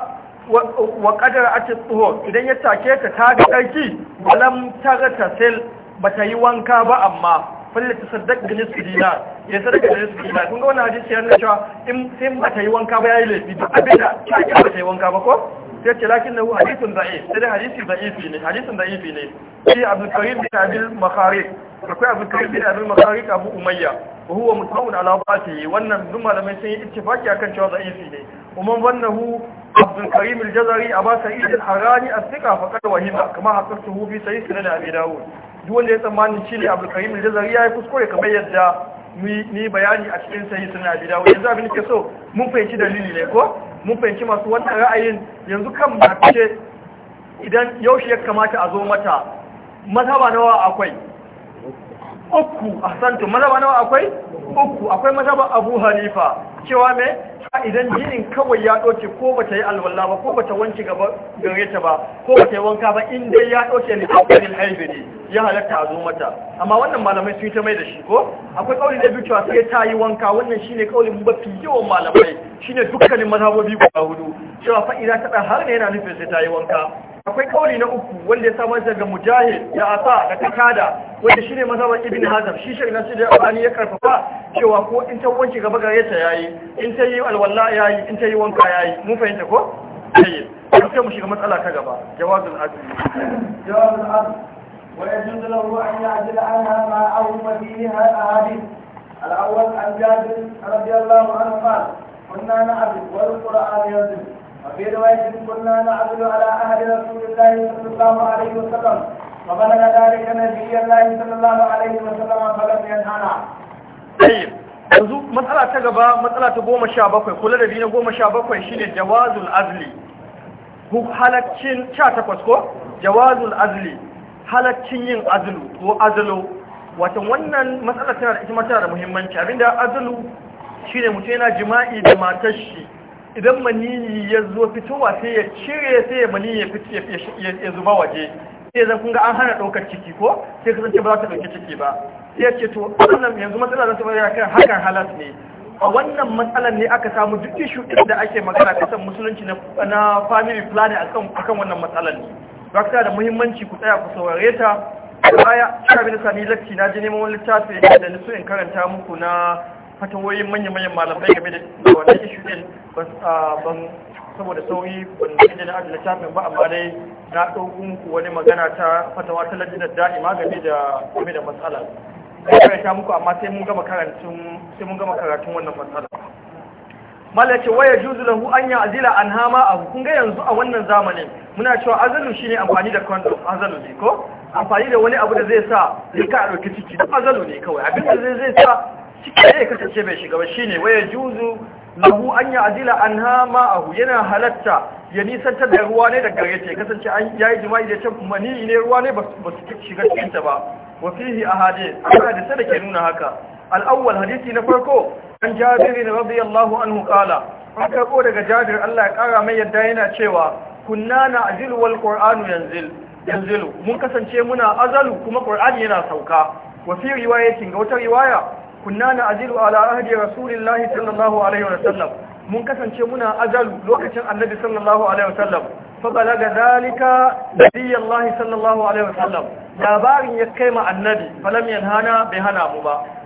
A: wa qadara atat tuhur idan ya take ta ta ga tsarki walam tarata sel bata yi wanka ba amma falle ta saddaq da nisfi dinar ya sadaka da nisfi dinar kun ga wani hadisi yana cewa in sai bata yi wanka ba yayi laifi duk abin da ta bata yi wanka ba ko sai ce lakin nahu hadithun da'if sai hadisi da'ifi ne hadisin da'ifi ne shi abdul karim bin abil makharik akwai abdul karim bin abil makharik abu umayya wa huwa mutawun ala ba'tihi wannan duk malamai sun yi ittifaki akan cewa da'ifi ne umman wannahu abdul karim al-jazari aba sa'id al-harani as-thiqa faqad wahima kama haqqatuhu fi sahih sunan abi dawud duk wanda ya tsammanin shi ne abul karim al ya yi kuskure kamar yadda ni bayani a cikin sahi suna abida Wani yanzu abin ke so mun fahimci dalili ne ko mun fahimci masu wannan ra'ayin yanzu kan mace idan yaushe ya kamata a zo mata mazhaba nawa akwai uku ahsantu mazhaba nawa akwai uku akwai mazhaban Abu Hanifa cewa me idan jinin kawai ya doce ko bata yi alwallah ba ko bata wanke gaba gare ta ba ko bata yi wanka ba in dai ya doce ne a cikin haibi ne ya halatta a zo mata amma wannan malamai sun yi ta mai da shi ko akwai kauli da biyu sai ta yi wanka wannan shine kaulin mafi yawan malamai shine dukkanin mazhabobi guda hudu cewa fa ta ta har ne yana nufin sai ta yi wanka akwai kauli na uku wanda ya samar daga mujahid da asa da takada wanda shine mazhabar ibn hazm shi shi nasu da albani ya karfafa cewa ko in ta wanke gaba gare ta yayi in ta yi alwala yayi in ta yi wanka yayi mun fahimta ko sai mu shiga matsala ta gaba jawazul azumi. jawazul azumi. ويجوز له أن يعدل عنها مع أهم فيها الأحاديث الأول عن جابر رضي الله عنه قال كنا نعبد والقرآن ينزل وفي رواية كنا نعبد على أهل رسول الله صلى الله عليه وسلم وبلغ ذلك نبي الله صلى الله عليه وسلم فلم ينهانا yanzu matsala ta gaba matsala ta goma sha bakwai kula da biyu goma sha bakwai shine jawazul azli halaccin sha takwas ko jawazul azli halaccin yin azulu ko azulu wato wannan matsala tana da ita tana da muhimmanci abinda azulu shine mutum yana jima'i da matar shi idan manini ya zo fitowa sai ya cire sai ya manini ya fito ya zuba waje sai zan kunga an hana ɗaukar ciki ko sai kasance ba za ta ɗauki ciki ba sai ya ce to wannan yanzu matsala zan tabbata kan hakan halas ne a wannan matsalan ne aka samu duk shi da ake magana kasan musulunci na family planning akan akan wannan matsalar ne ba da muhimmanci ku tsaya ku saurare ta baya cikin abin da sami lakci na ji neman wani littafi da nisu in karanta muku na fatawoyin manya-manyan malamai game da wannan ishu din ah, ban saboda sauri ban da na ajiye littafin ba amma dai na ɗaukun wani magana ta fatawa ta lajinar da'ima game da game da matsala. Karanta muku amma sai mun gama karatun wannan matsala. malace waya juzu lahu an azila an hama abu kun ga yanzu a wannan zamanin muna cewa azalu shine amfani da condom azalu ne ko amfani da wani abu da zai sa rika a dauki ciki duk azalu ne kawai abin da zai zai sa ciki ne kasance bai shiga ba shine waya juzu lahu an azila an hama abu yana halatta ya nisantar da ruwa ne daga gare ta kasance an yayi jima'i da can ni ne ruwa ne ba su shiga cikin ta ba wa fihi ahadith akwai da ke nuna haka al'awwal hadisi na farko an jabiri na radiyallahu anhu kala an karko daga jabir Allah ya ƙara mai yadda yana cewa kunna na ajilu wal qur'anu yanzilu mun kasance muna azalu kuma qur'ani yana sauka Wasu riwaya riwayatin ga wata riwaya kunna na ajilu ala ahdi rasulillahi sallallahu alaihi wa sallam mun kasance muna azalu lokacin annabi sallallahu alaihi wa sallam fa balaga zalika nabiyallahi sallallahu alaihi wa sallam labarin ya kai ma annabi falam yanhana bai hana mu ba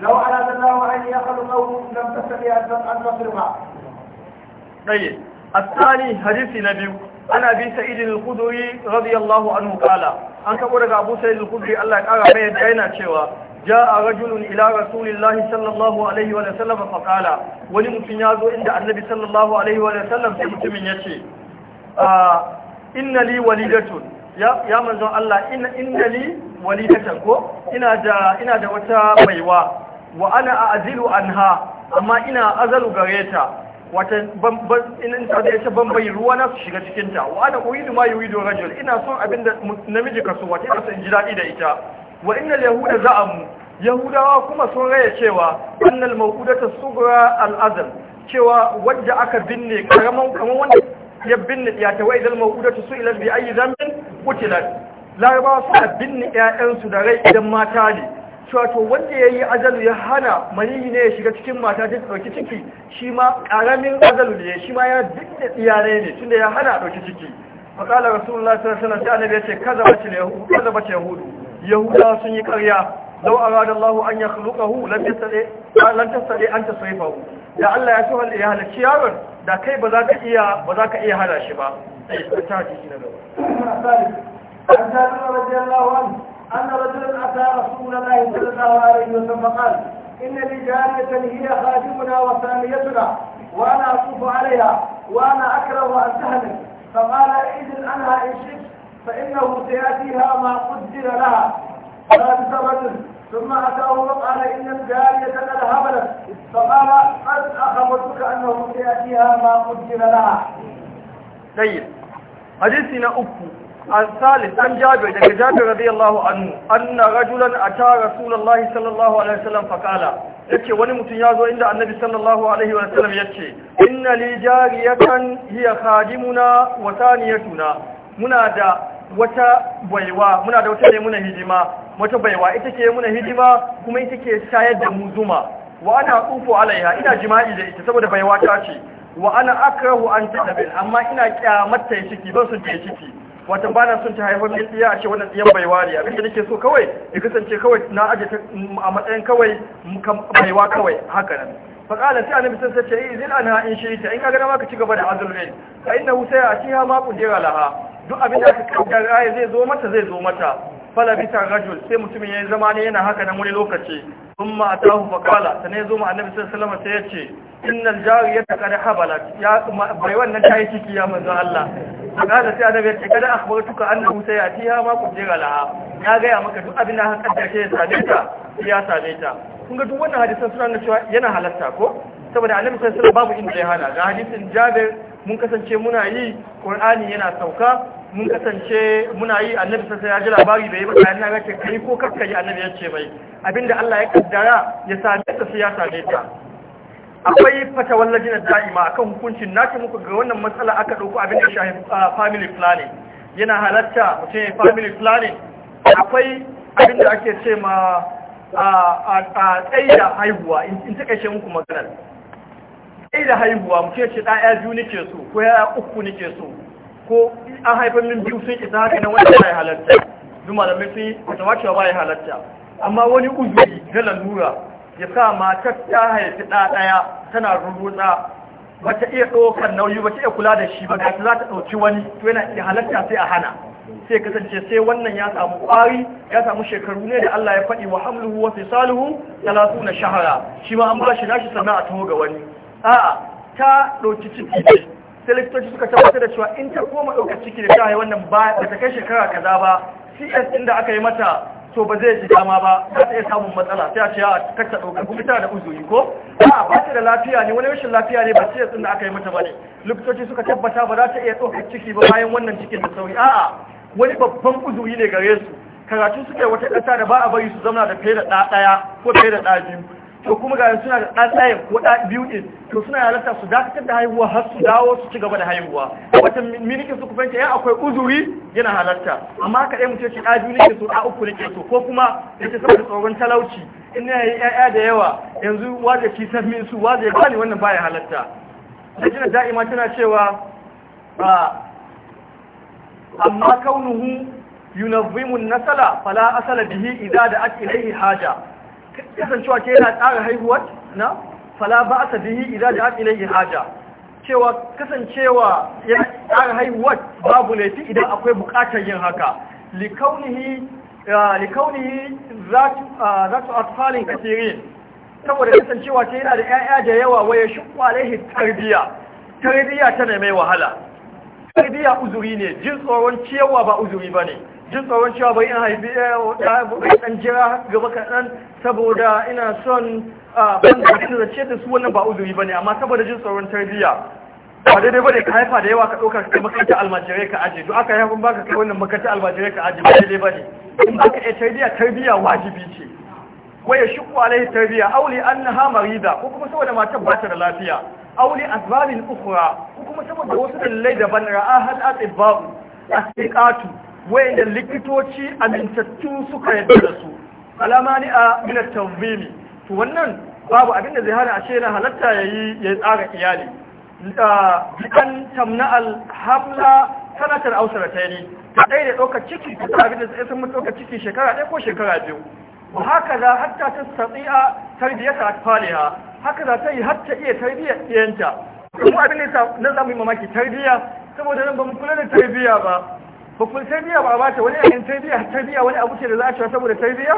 A: لو أراد الله أن يخلقه لم تستطيع أن تصرفه طيب الثاني حديث نبي أنا أبي سعيد الخدري رضي الله عنه قال أنك أقول أبو سعيد الخدري الله قال بين بين شوى جاء رجل إلى رسول الله صلى الله عليه وسلم فقال ولمتن يازو عند النبي صلى الله عليه وسلم سمت من يشي آه إن لي وليدة ya ya manzon Allah inna inna li walidatan ko ina da ina da wata baiwa wa ana an ha, amma ina azalu gare ta wata inin ta da ce ruwa na su shiga cikinta wa ana uridu ma rajul ina son abin da namiji ka so wata ina son ji daɗi da ita wa ina yahuda mu? yahudawa kuma sun raya cewa annal mawqudatu sughra al cewa wadda aka binne karamar kaman wanda ya binne ya tawai dal mawqudatu su'ilat bi ayyi zamin kutilar larabawa suka binne 'ya'yansu da rai idan mata ne cewa wanda ya yi ajalu ya hana maniyi ne ya shiga cikin mata ta ɗauki ciki shi ma ƙaramin ajalu ne shi ma ya dinda iyare ne tunda ya hana ɗauki ciki faƙalar rasulullah sallallahu alaihi wasallam ya ce kaza bace yahudu kaza bace yahudu yahuda sun yi ƙarya law arada lahu an ya lam yastati lan tastati an tasrifahu da allah ya so hal ya halaki yaron da kai ba za ka iya ba za ka iya hana shi ba sai ta ji na gaba an ta radiya allah anhu أن رجلا أتى رسول الله صلى الله عليه وسلم فقال إن لي جارية هي خادمنا وساميتنا وأنا أطوف عليها وأنا أكره أن تهلك فقال إذن عنها إن شئت فإنه سيأتيها ما قدر لها فلبس الرجل ثم أتاه وقال إن الجارية قد هبلت فقال قد أخبرتك أنه سيأتيها ما قدر لها طيب حديثنا أكو الثالث عن جابر عن جابر رضي الله عنه أن رجلا أتى رسول الله صلى الله عليه وسلم فقال yace wani mutum ya zo inda annabi sallallahu alaihi wa sallam yace inna li jariyatan hiya khadimuna wa thaniyatuna muna da wata baiwa muna da wata ne muna hidima wata baiwa ita ke muna hidima kuma ita ke shayar da mu zuma wa ana ufu alaiha ina jima'i da ita saboda baiwa ta ce wa ana akrahu an tadabil amma ina kyamata ciki ban su ciki watan ba na son ta haifar min iya a ce wannan tsiyan baiwa ne abinda nake so kawai ya kasance kawai na aje mm, a matsayin kawai mm, baiwa kawai haka nan sai annabi sun sace yi zil anha in shirita in kaga ma ka ci gaba da azulmin A innahu sai a ciha ma kudira laha duk abin da aka kaddara zai zo mata zai zo mata fala bitan rajul sai mutumin ya zama ne yana haka nan wani lokaci thumma atahu faqala sanai zo ma annabi sun salama sai ya ce innal jariyata qad habalat ya bai wannan tayi ciki ya manzo Allah kada sai annabi ya ce kada akhbartuka annahu sayatiha ma jira laha ya gaya maka duk abin da ka kaddace ya same ta ya same ta kun ga duk wannan hadisin suna nuna cewa yana halarta ko saboda annabi sai alaihi babu inda ya hana ga hadisin Jabir mun kasance muna yi Qur'ani yana sauka mun kasance muna yi annabi sai ya ji labari bai ba yana ga kai ko kakkai annabi ya ce bai abinda Allah ya kaddara ya same ta sai ya same ta akwai fatawar lajinar da'ima akan hukuncin nake muku ga wannan matsala aka ɗauku abin da shahi ah, family planning yana halatta mutum ya family planning akwai abin da ake ce ma a ah, ah, tsaye da haihuwa in ta kashe muku maganar tsaye da haihuwa mutum ya ce ɗaya biyu nake so ko ya uku nake so ko an haifar min biyu sun isa haka na wanda ya halatta duma da mafi wata wacewa ba ya halatta amma wani uzuri na lalura ya sa matar ta haifi ɗa ɗaya tana rubuta ba ta iya ɗaukar nauyi ba ta iya kula da shi ba ga za ta ɗauki wani to yana iya halatta sai a hana sai kasance sai wannan ya samu ƙwari ya samu shekaru ne da Allah ya faɗi wa hamluhu wa fisaluhu talatu na shahara shi ma an bashi nashi sannan a taho ga wani a'a ta ɗauki ciki ne sai likitoci suka tabbatar da cewa in ta koma ɗaukar ciki da ta haifi wannan ba ta kai shekara kaza ba CS ɗin da aka yi mata to ba zai ji dama ba za ta iya samun matsala sai a ce ya takta ɗaukar kuma tana da uzuri ko a ba ta da lafiya ne wani rashin lafiya ne ba sai ya tsinda aka yi mata ba ne likitoci suka tabbata ba za ta iya tsoka ciki ba bayan wannan cikin da sauri a'a wani babban uzuri ne gare su karatu suke wata ƙasa da ba a bari su zauna da fere da ɗaya ko fiye da ɗa biyu to kuma ga suna da ɗayan ko ɗa biyu ɗin to suna halatta su dakatar da haihuwa har su dawo su ci gaba da haihuwa wata miliki su kufanta ya akwai uzuri yana halarta. amma ka ɗaya mutum ce ɗa biyu nake so a uku nake so ko kuma yake saboda tsoron talauci in ya yi ƴaƴa da yawa yanzu waje ki san min su waje ba ni wannan baya halatta lajina da'ima tana cewa amma kaunuhu yunazzimu nasala fala asala bihi idza da'at ilayhi haja kasancewa ke yana ƙara haihuwar na fala ba ta bihi idan da aka ilaihi haja cewa kasancewa yana ƙara haihuwar babu laifi idan akwai buƙatar yin haka likaunihi za su asfalin kasirin saboda kasancewa ce yana da 'ya'ya da yawa waya shi alaihi tarbiya tarbiya tana mai wahala tarbiya uzuri ne jin tsoron cewa ba uzuri ba ne jin tsoron cewa bai yin haifi ɗan jira gaba kaɗan saboda ina son ban da da ce da su wannan ba uzuri ba ne amma saboda jin tsoron tarbiyya ba daidai ba ne ka haifa da yawa ka ɗaukar ka makanta almajirai ka aji to aka yi haifin baka kai wannan makanta almajirai ka aji ba daidai ba ne in ba ka iya tarbiyya tarbiyya wajibi ce waya shukku alaihi tarbiyya auli annaha marida ko kuma saboda matan ba ta da lafiya auli asbabin ukhra ko kuma saboda wasu dalilai daban ra'ahal atibba asiqatu wayanda likitoci amintattu suka yadda da su alama ni a minar tanzimi to wannan babu abin da zai hana a shera halatta yi ya tsara iyali an tamna alhamla sanatar da ta yi ɗaya da ɗauka ciki ta abin da zai sun ɗaukar ciki shekara ɗaya ko shekara biyu Ba haka za, hatta ta satsi a وهكذا ta تستطيع haka za ta yi hatta iya tarbiyyar ɗiyanta. kuma abin da na zamu mamaki tarbiyya saboda nan ba mu kula da tarbiyya ba hukun tarbiyya ba ba ta wani ayin tarbiyya tarbiyya wani abu ce da za a cewa saboda tarbiyya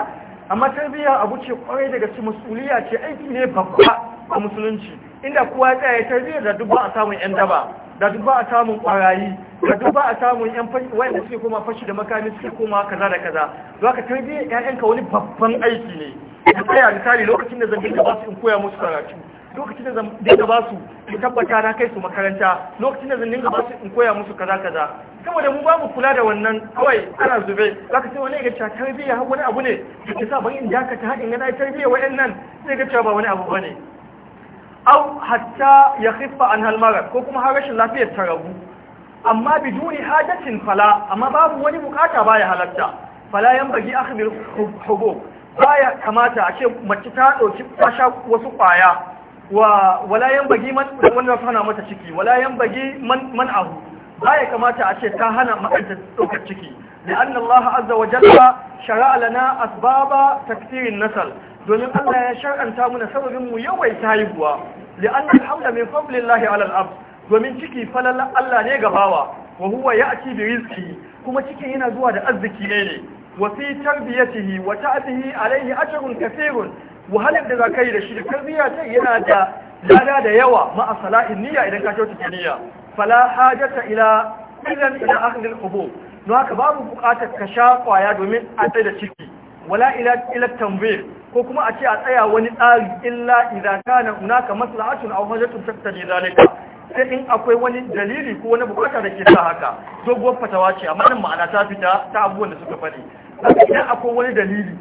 A: amma tarbiyya abu ce kwarai daga su musuliya ce aiki ne babba a musulunci inda kowa ya tsaya tarbiyya da duk ba a samun yan daba da duk ba a samun kwarayi da duk ba a samun yan fashi da suke koma fashi da makami suke koma kaza da kaza za ka tarbiyya ƴaƴanka wani babban aiki ne ka tsaya misali lokacin da zan dinga ba su in koya musu karatu lokacin da zan dinga ba su in tabbata na kai su makaranta lokacin da zan dinga ba su in koya musu kaza kaza saboda mu ba mu kula da wannan kawai ana zube za ka ce wani ga cewa tarbiyya har wani abu ne da sa ban in dakata haɗin gana tarbiyya nan sai ga cewa ba wani abu ba ne au hatta ya khifa an halmarar ko kuma har rashin lafiyar ta rabu amma biduni hadatin fala amma babu wani bukata baya halatta fala yan bagi akhdil hubu baya kamata a ce mace ta dauki kwasha wasu kwaya wa wala yan bagi man wanda sana mata ciki wala yan bagi man man ahu ba ya kamata a ce ta hana makanta ɗaukar ciki لأن الله عز وجل شرع lana أسباب تكثير النسل domin Allah ya shar'anta muna sababin mu yawaita haihuwa li'anna alhamda min fadlillahi 'ala abd domin ciki falala Allah ne ga bawa wa huwa ya'ti bi rizqi kuma cikin yana zuwa da arziki ne ne wa fi tarbiyatihi wa ta'dihi alayhi ajrun kathirun wahalar da zakai da shi da tarbiyya yana da lada da yawa ma'a salahin niyya idan ka ta niyya fala hajata ila idan ila ahlil qubur don haka babu bukatar ka sha kwaya domin a tsaye da ciki wala ila ila tanbih ko kuma a ce a tsaya wani tsari illa idan kana unaka maslahatun aw hajatun tattali zalika sai in akwai wani dalili ko wani bukata da ke sa haka doguwar fatawa ce amma nan ma'ana ta fita ta abuwan da suka faɗi idan akwai wani dalili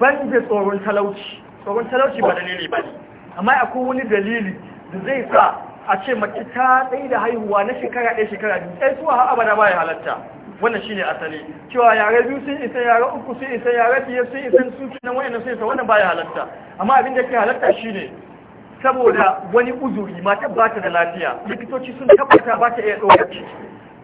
A: ban da tsoron talauci tsoron talauci ba dalili ba ne amma akwai wani dalili da zai sa a ce mace ta tsaye da haihuwa na shekara ɗaya shekara biyu ɗaya zuwa har abada ba ya halatta wannan shine asali cewa yare biyu sun isa yare uku sun isa yare biyar sun isa su na wayannan sun isa wannan ba ya halatta amma abin da ke halatta shine saboda wani uzuri mata ba ta da lafiya likitoci sun tabbata ba ta iya ɗauka ciki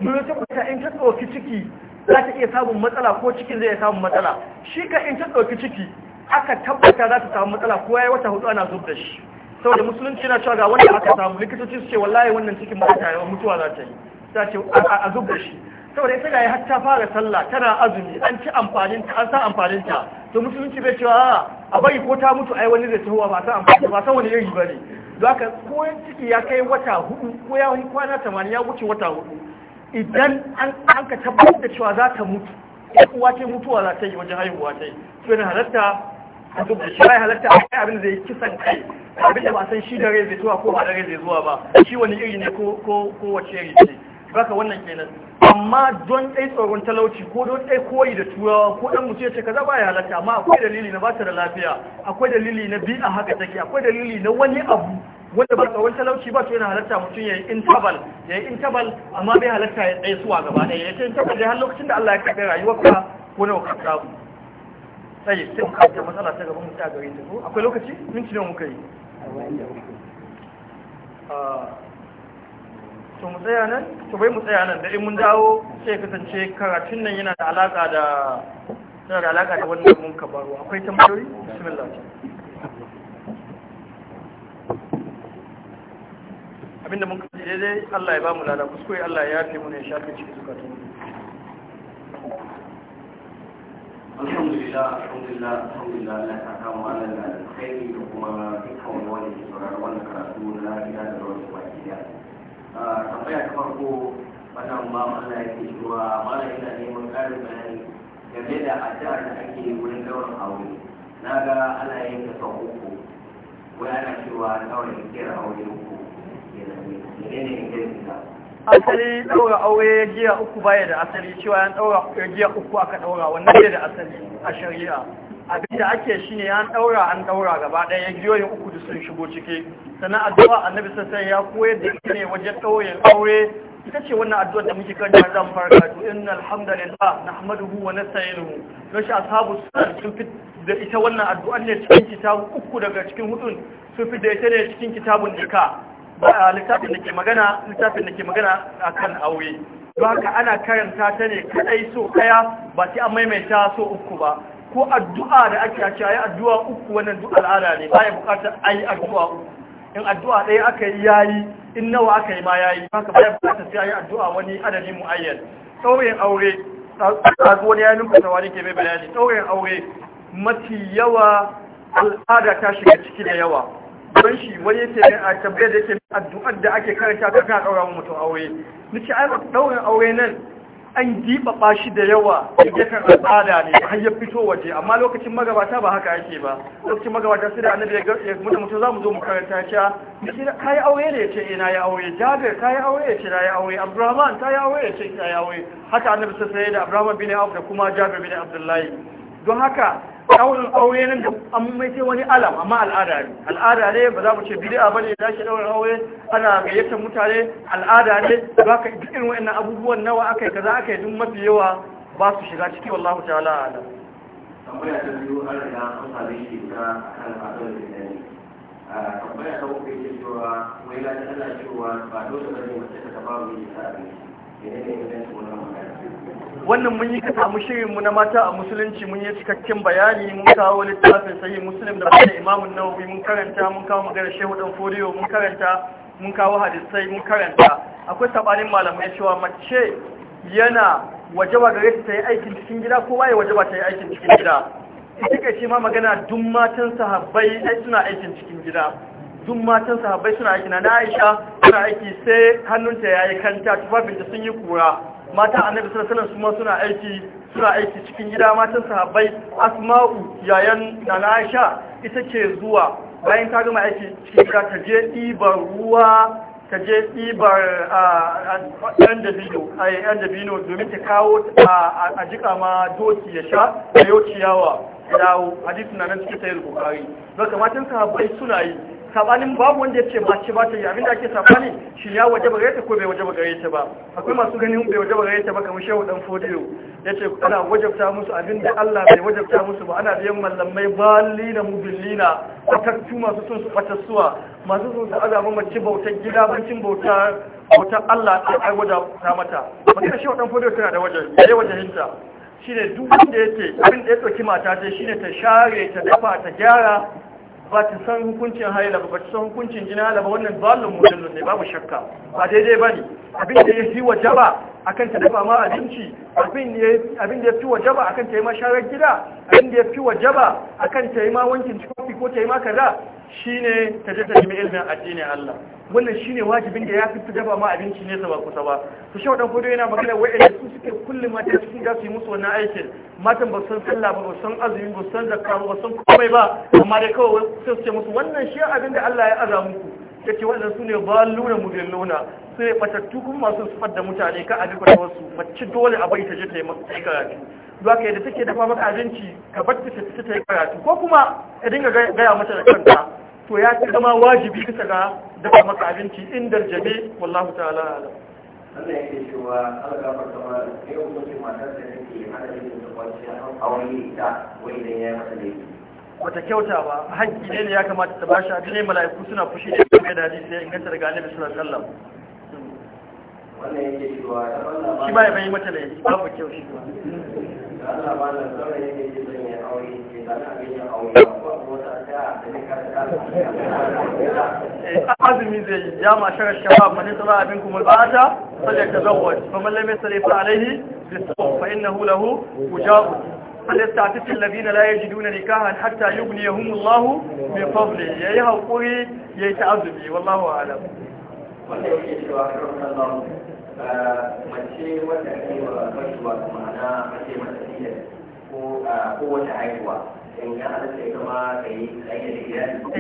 A: mun tabbata in ta ɗauki ciki za ta iya samun matsala ko cikin zai iya samun matsala shi ka in ta ɗauki ciki aka tabbata za ta samu matsala ko ya yi wata hudu ana zub da shi saboda musulunci yana cewa ga wanda aka samu likitoci su ce wallahi wannan cikin mata yawa mutuwa za ta yi ta ce a zubar shi saboda ita ga ya hatta fara sallah tana azumi an ci amfanin ta an san amfanin ta to musulunci bai cewa a bari ko ta mutu ai wani zai ta ba ta amfani ba san wani iri ba ne don haka ko ciki ya kai wata hudu ko ya wani kwana tamanin ya wuce wata hudu idan an ka tabbatar da cewa za ta mutu uwa ce mutuwa za ta yi wajen haihuwa ta yi to yana halatta a zubar shi ya halatta a kai abin da zai kisan kai abin da ba san shi da rai zai zuwa ko ba da rai zai zuwa ba shi wani iri ne ko wace iri ce baka wannan kenan amma don ɗai tsoron talauci ko don ɗai koyi da turawa ko ɗan mutum ce kaza ba ya halatta amma akwai dalili na bata da lafiya akwai dalili na bi'a haka take akwai dalili na wani abu wanda ba tsoron talauci ba to yana halatta mutum ya yi intabal ya yi intabal amma bai halatta ya tsaye suwa gaba ɗaya ya ce intabal dai har lokacin da Allah ya karɓi rayuwarka ko nawa ka samu sai sai ka ta matsala ta gaban mu ta gare ta akwai lokaci minti ne muka yi to tsaya nan bai mu tsaya nan da in mun dawo sai kasance karatun nan yana da alaka da yana da alaka da wannan mun ka baro akwai tambayoyi bismillah abinda mun kaji daidai Allah ya ba mu lada kuskure Allah ya
C: yafe mu ne shafe ciki zukatun mu alhamdulillah alhamdulillah alhamdulillah Allah ta kama ana da alkhairi da kuma dukkan wani ke sauraron wannan karatu na gida da rawar su baki daya ah, tambaya ta farko wannan ba Allah ya ke cewa malam ina neman ƙarin bayani game da addu'ar da ake wurin daurin aure na ga ana yin ta sau uku kira aure uku ne ne ne ne ne
A: asali daura aure ya giya uku baya da asali cewa yan ya giya uku aka daura wannan ne da asali a shari'a abinda ake shine an daura an daura gaba ɗaya giyoyin uku da sun shigo ciki sannan addu'a annabi sassan ya koyar da ita ne wajen ɗaurin aure ita ce wannan addu'ar da muke jama'a zan farka to inna alhamdulillah nahmaduhu wa nasta'inuhu don shi ashabu sun fi da ita wannan addu'ar ne cikin kitabu uku daga cikin hudun sun fi da ita ne cikin kitabun nika littafin da ke magana littafin da ke magana akan aure don haka ana karanta ta ne kadai so kaya ba sai an maimaita so uku ba ko addu'a da ake a cewa addu'a uku wannan duk al'ada ne baya bukatar yi addu'a uku in addu'a ɗaya aka yi yayi in nawa aka yi ma yayi haka ya bukata sai ayi addu'a wani adadi muayyan tsaurin aure tsago wani ya nuka tawari ke mai bayani tsaurin aure mafi yawa al'ada ta shiga ciki da yawa don shi wani yake a tabbiyar da yake addu'ar da ake karanta ka kan ɗaura mutum aure nace ai ba ɗaurin aure nan an diɓaɓa shi da yawa gefen al'ada ne har ya fito waje amma lokacin magabata ba haka ake ba lokacin magabata sai da annabi ya mutu mutum za mu zo mu karanta cewa mace kayi aure ne ya ce ina eh, yi aure jabir kayi aure ya ce na yi aure abdurrahman kayi aure ya ce na ya aure haka annabi sai da abdurrahman bin auf da kuma jabir bin abdullahi don haka ɗaurin aure nan da an mai wani alam amma al'ada ne al'ada ne ba za mu ce bidi'a bane da shi ɗaurin aure ana gayyatar mutane al'ada ne ba ka irin abubuwan nawa akai kaza akai duk mafi yawa ba su shiga ciki wallahu ta'ala ala
C: tambaya an shi kan da ne da cewa cewa ba dole mace ta abinci ne ne ne ne wannan mun yi
A: samu shirin mu na mata a musulunci mun yi cikakken bayani mun kawo littafin sahih muslim da bayan imamun nawawi mun karanta mun kawo magana shehu dan fodiyo mun karanta mun kawo hadisai mun karanta akwai sabanin malamai cewa mace yana wajaba gare ta yi aikin cikin gida ko waye wajaba ta yi aikin cikin gida ita ce ma magana duk matan sahabbai suna aikin cikin gida duk matan sahabbai suna aikin na Aisha suna aiki sai hannunta ya yi kanta tufafinta sun yi kura mata annabi sallallahu su ma suna aiki suna aiki cikin gida matan sahabbai asma'u yayan nana aisha ita ce zuwa bayan ta gama aiki cikin gida ta je ɗibar ruwa ta je ɗibar ɗan dabino a ɗan domin ta kawo a jika ma doki ya sha a yau ciyawa dawo hadisi na nan cikin sayar bukari don kamatan sahabbai suna yi sabanin babu wanda ya ce mace ba ta yi abinda ake sabani shi ya waje ba gare ta ko bai waje ba gare ta ba akwai masu ganin bai waje ba gare ta ba kamar shehu dan fodiyo yace ana wajabta musu abinda Allah bai wajabta musu ba ana biyan mallamai balina mubillina fatattu masu sun su fatassuwa masu sun su azaba mace bautar gida bancin bautar bautar Allah ta ai ta mata magana shehu dan fodiyo tana da waje waje hinta shine duk wanda yake abin da ya tsoki mata ta shine ta share ta dafa ta gyara ba ta san hukuncin haila ba ba ta san hukuncin jina haila ba wannan zalun mudallun ne babu shakka ba daidai ba ne abin da ya fi wajaba akan ta dafa ma abinci abin da ya fi jaba akan ta yi ma sharar gida abin da ya fi wajaba akan ta yi ma wankin tufafi ko ta yi ma kaza shine ka je ka jimi ilimin addini Allah wannan ne wajibin da ya fi dafa ma abinci ne sa ba kusa ba to shi wadan yana magana wa'anda su suke kullum mata cikin da su yi musu wannan aikin matan ba san sallah ba san azumi ba san zakka ba san komai ba amma dai kawai sai su ce musu wannan shi abin da Allah ya aza muku yace wannan sune da mudilluna sai fatattu kuma masu sifar da mutane ka abi da wasu mace dole a bai ta je ta yi karatu za ka yadda take dafa maka abinci ka bar ta fita ta yi karatu ko kuma ka dinga gaya mata da kanka to ya fi zama wajibi
C: bisa ga dafa maka abinci in jami wallahu ta'ala ala Allah yake cewa alƙafar kama da yau mutum matar da take hana yin da kwanciya aure ita wai idan ya yi masa laifi
A: wata kyauta ba hanki ne ya kamata ta bashi abin ne mala'iku suna fushi da kuma da hadisi sai inganta daga annabi sallallahu alaihi
C: wasallam shi ba ya bayyana mata laifi babu kyau shi ba
A: قادم يجي يا معشر الشباب من يطلع منكم البعثة فليتزوج فمن لم يسلف عليه بالصوف فإنه له مجاب فليستعتف الذين لا يجدون نكاها حتى يبنيهم الله من فضله يا القوي
C: يتعذبي والله أعلم والله أعلم mace wadda ake wa kuma na mace mata tilas ko kowace haihuwa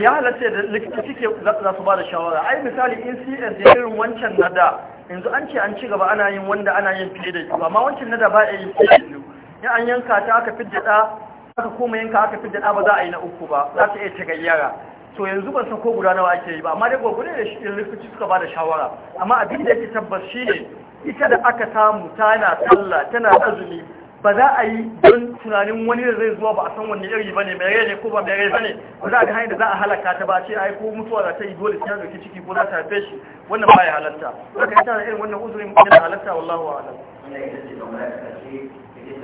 C: ya
A: halatta da likita suke za su ba da shawara ai misali in cs ya irin wancan na da yanzu an ce an ci gaba ana yin wanda ana yin fiye da biyu amma wancan na da ba a yi fiye da biyu ya an yanka ta aka fidda ɗa aka koma yanka aka fidda ɗa ba za a yi na uku ba za ta iya tagayyara to yanzu ban san ko guda nawa ake yi ba amma dai gobe da shi lokaci suka bada shawara amma abin da yake tabbas ne ita da aka samu tana sallah tana azumi ba za a yi don tunanin wani da zai zuwa ba a san wani iri ba ne mai rai ne ko ba mai rai ba ne ba za a ga hanyar da za a halaka ta ba ce ai ko mutuwa za ta yi dole ta dauki ciki ko za ta haife shi wannan ba ya halatta za ka yi tana irin wannan uzurin mutum da halatta
C: wallahu a'lam. ya ce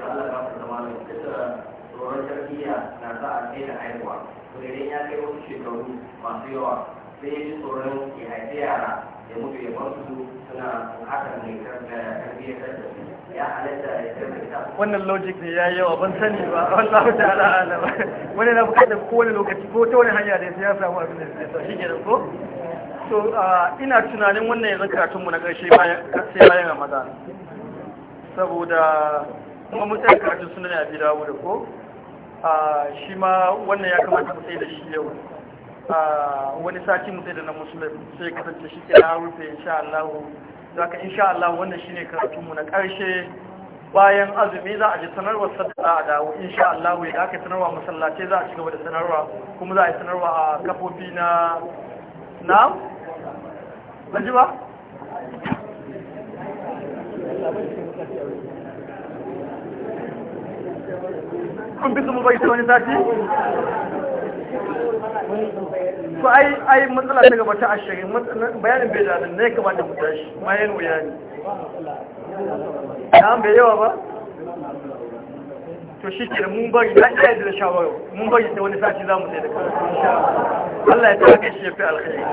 C: Allah ba ta zama da tsoron tarbiyya na sa a kai da haihuwa kuma idan ya kai wasu shekaru masu yawa sai ya ji tsoron ya haifi yara ya mutu ya bar su suna bukatar mai tarbiyya da su ya halatta ya tarbiyyar wannan
A: logic ne ya yi yawa ban sani ba Allah ta ala alama wani na bukatar kowane lokaci ko ta wani hanya da ya samu abin da ya sa shi kenan ko to ina tunanin wannan yanzu karatunmu na ƙarshe sai bayan ramadan saboda kuma mutane karatu suna ne a bi dawo da ko shi ma wannan ya kamata mu sai da shi yau wani sati mu sai da na musulun sai kasance shi ke na rufe insha Allah za ka insha Allah wannan shi ne karatunmu na ƙarshe bayan azumi za a ji sanarwar sadda a dawo insha Allah da aka sanarwa masallace za a ci gaba da sanarwa kuma za a yi sanarwa a kafofi na na ba ji ba
B: kun fi su mu bai wani sati to
A: ai ai matsala ta gaba ta ashirin bayanin bai da ne kamata mu tashi bayan wuya ne na bai yawa ba to shi ke mun bari na ɗaya da shawarar mun bari ta wani sati za mu sai da karfi Allah ya ta kai shi ya fi alkhairi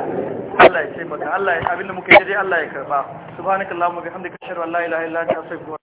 A: Allah ya taimaka Allah ya abinda muka yi dai Allah ya karba subhanakallahumma bihamdika ashhadu an la ilaha illa anta astaghfiruka